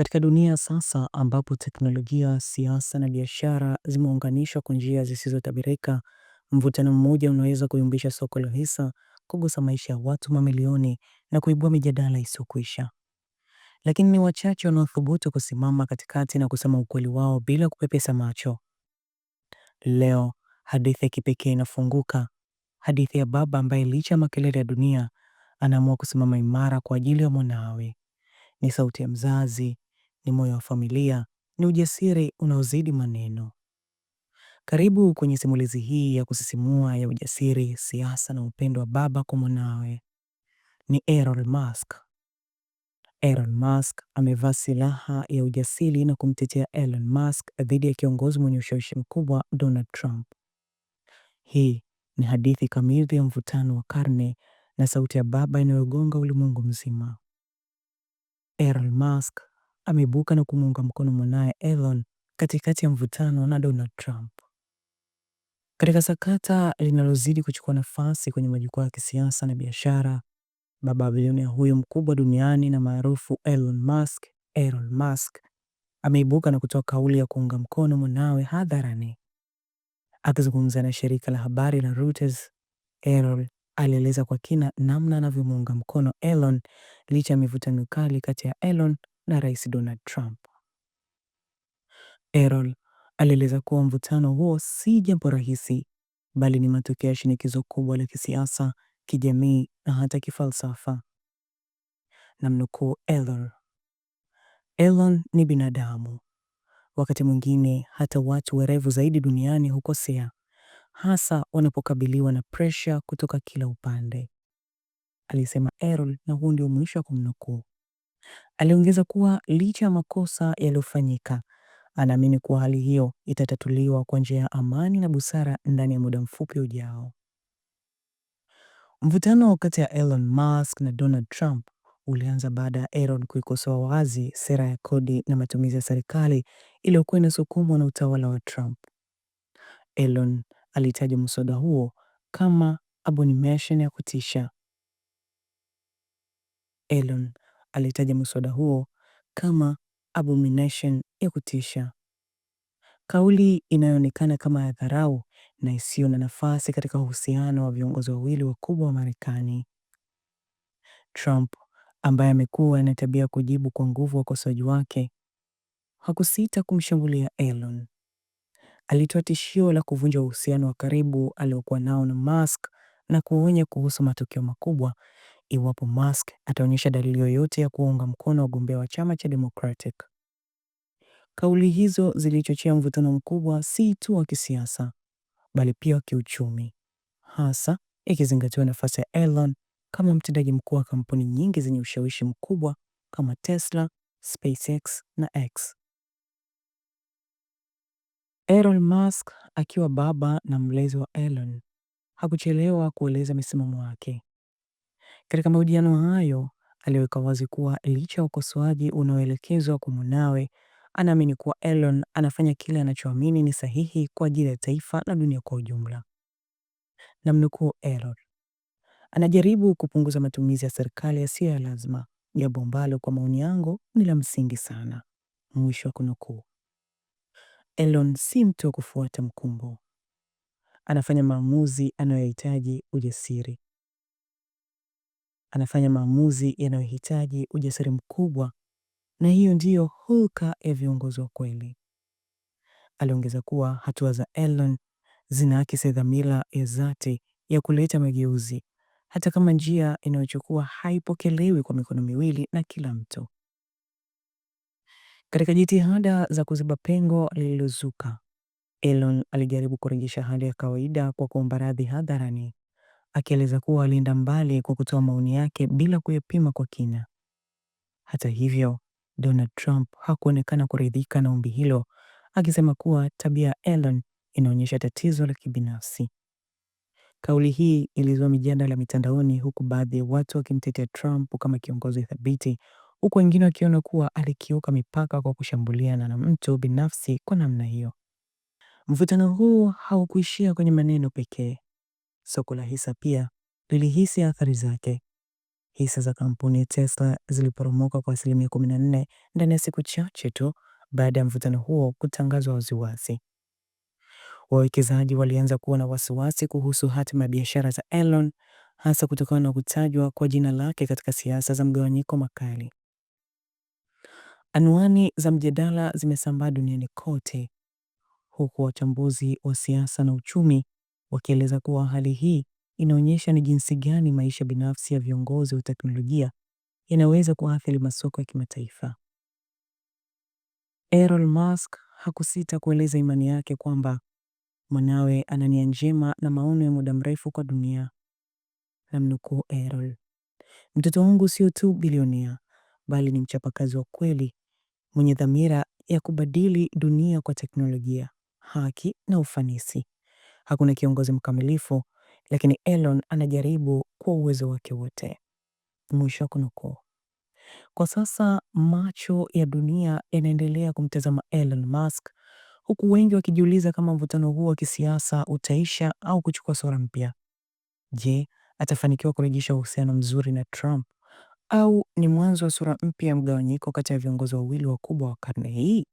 Katika dunia sasa ambapo teknolojia, siasa na biashara zimeunganishwa kwa njia zisizotabirika, mvutano mmoja unaweza kuyumbisha soko la hisa, kugusa maisha ya watu mamilioni na kuibua mijadala isiyokwisha. Lakini ni wachache wanaothubutu kusimama katikati na kusema ukweli wao bila kupepesa macho. Leo hadithi ya kipekee inafunguka, hadithi ya baba ambaye licha ya makelele ya dunia anaamua kusimama imara kwa ajili ya mwanawe. Ni sauti ya mzazi ni moyo wa familia, ni ujasiri unaozidi maneno. Karibu kwenye simulizi hii ya kusisimua ya ujasiri, siasa na upendo wa baba kwa mwanawe. Ni Errol Musk. Errol Musk amevaa silaha ya ujasiri na kumtetea Elon Musk dhidi ya kiongozi mwenye ushawishi mkubwa Donald Trump. Hii ni hadithi kamili ya mvutano wa karne na sauti ya baba inayogonga ulimwengu mzima. Errol Musk ameibuka na kumuunga mkono mwanaye Elon katikati ya mvutano na Donald Trump. Katika sakata linalozidi kuchukua nafasi kwenye majukwaa ya kisiasa na biashara, baba bilionea huyo mkubwa duniani na maarufu Elon Musk, Elon Musk ameibuka na kutoa kauli ya kuunga mkono mwanawe hadharani. Akizungumza na shirika la habari la Reuters, Elon alieleza kwa kina namna anavyomuunga mkono Elon licha ya mivutano mikali kati ya Elon na Rais Donald Trump. Errol alieleza kuwa mvutano huo si jambo rahisi, bali ni matokeo ya shinikizo kubwa la kisiasa, kijamii na hata kifalsafa. Namnukuu Errol, Elon ni binadamu. Wakati mwingine hata watu werevu zaidi duniani hukosea, hasa wanapokabiliwa na presha kutoka kila upande, alisema Errol, na huu ndio mwisho wa kumnukuu. Aliongeza kuwa licha ya makosa yaliyofanyika, anaamini kuwa hali hiyo itatatuliwa kwa njia ya amani na busara ndani ya muda mfupi ujao. Mvutano kati ya Elon Musk na Donald Trump ulianza baada ya Elon kuikosoa wazi sera ya kodi na matumizi ya serikali iliyokuwa inasukumwa na utawala wa Trump. Elon alitaja mswada huo kama abomination ya kutisha. Elon alitaja mswada huo kama abomination ya kutisha, kauli inayoonekana kama ya dharau na isiyo na nafasi katika uhusiano wa viongozi wawili wakubwa wa Marekani. Trump ambaye amekuwa na tabia kujibu kwa nguvu wakosoaji wake hakusita kumshambulia Elon. Alitoa tishio la kuvunja uhusiano wa karibu aliokuwa nao na Musk na kuonya kuhusu matukio makubwa iwapo Musk ataonyesha dalili yoyote ya kuunga mkono wagombea wa chama cha Democratic. Kauli hizo zilichochea mvutano mkubwa si tu wa kisiasa, bali pia wa kiuchumi, hasa ikizingatiwa nafasi ya Elon kama mtendaji mkuu wa kampuni nyingi zenye ushawishi mkubwa kama Tesla, SpaceX na X. Elon Musk akiwa baba na mlezi wa Elon hakuchelewa kueleza misimamo yake. Katika mahojiano hayo, aliweka wazi kuwa licha ya ukosoaji unaoelekezwa kwa mwanawe, anaamini kuwa Elon anafanya kile anachoamini ni sahihi kwa ajili ya taifa na dunia kwa ujumla. Namnukuu Elon, anajaribu kupunguza matumizi ya serikali yasiyo ya lazima, jambo ambalo kwa maoni yangu ni la msingi sana, mwisho wa kunukuu. Elon si mtu wa kufuata mkumbo, anafanya maamuzi anayohitaji ujasiri, anafanya maamuzi yanayohitaji ujasiri mkubwa, na hiyo ndiyo hulka ya viongozi wa kweli. Aliongeza kuwa hatua za Elon zinaakisi dhamira ya dhati ya kuleta mageuzi, hata kama njia inayochukua haipokelewi kwa mikono miwili na kila mtu. Katika jitihada za kuziba pengo lililozuka, Elon alijaribu kurejesha hali ya kawaida kwa kuomba radhi hadharani akieleza kuwa alienda mbali kwa kutoa maoni yake bila kuyapima kwa kina. Hata hivyo, Donald Trump hakuonekana kuridhika na ombi hilo, akisema kuwa tabia ya Elon inaonyesha tatizo la kibinafsi. Kauli hii ilizua mijadala mitandaoni, huku baadhi ya watu wakimtetea Trump kama kiongozi thabiti, huku wengine wakiona kuwa alikiuka mipaka kwa kushambuliana na mtu binafsi kwa namna hiyo. Mvutano huu haukuishia kwenye maneno pekee, Soko la hisa pia lilihisi athari zake. Hisa za kampuni ya Tesla ziliporomoka kwa asilimia 14 ndani ya siku chache tu baada ya mvutano huo kutangazwa waziwazi. Wawekezaji walianza kuwa na wasiwasi kuhusu hatima ya biashara za Elon, hasa kutokana na kutajwa kwa jina lake katika siasa za mgawanyiko makali. Anwani za mjadala zimesambaa duniani kote, huku wachambuzi wa siasa na uchumi wakieleza kuwa hali hii inaonyesha ni jinsi gani maisha binafsi ya viongozi wa teknolojia yanaweza kuathiri masoko ya kimataifa. Elon Musk hakusita kueleza imani yake kwamba mwanawe ana nia njema na maono ya muda mrefu kwa dunia. Namnukuu Errol, mtoto wangu sio tu bilionea, bali ni mchapakazi wa kweli mwenye dhamira ya kubadili dunia kwa teknolojia, haki na ufanisi hakuna kiongozi mkamilifu, lakini Elon anajaribu kwa uwezo wake wote. Mwisho wa kunukuu. Kwa sasa macho ya dunia yanaendelea kumtazama Elon Musk, huku wengi wakijiuliza kama mvutano huu wa kisiasa utaisha au kuchukua sura mpya. Je, atafanikiwa kurejesha uhusiano mzuri na Trump au ni mwanzo wa sura mpya ya mgawanyiko kati ya viongozi wawili wakubwa wa karne hii?